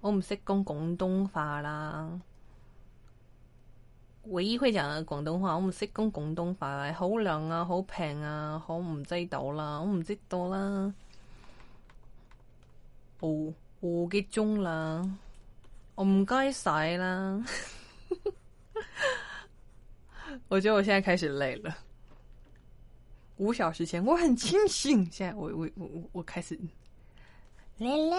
我唔識講廣東話啦，唯一會講廣東話，我唔識講廣東話了，好涼啊，好平啊，好唔知道啦，我唔知道啦，我唔記得啦，我唔該晒啦。 我覺得我現在開始累了，五小時前我很清醒，現在我我我我開始累累。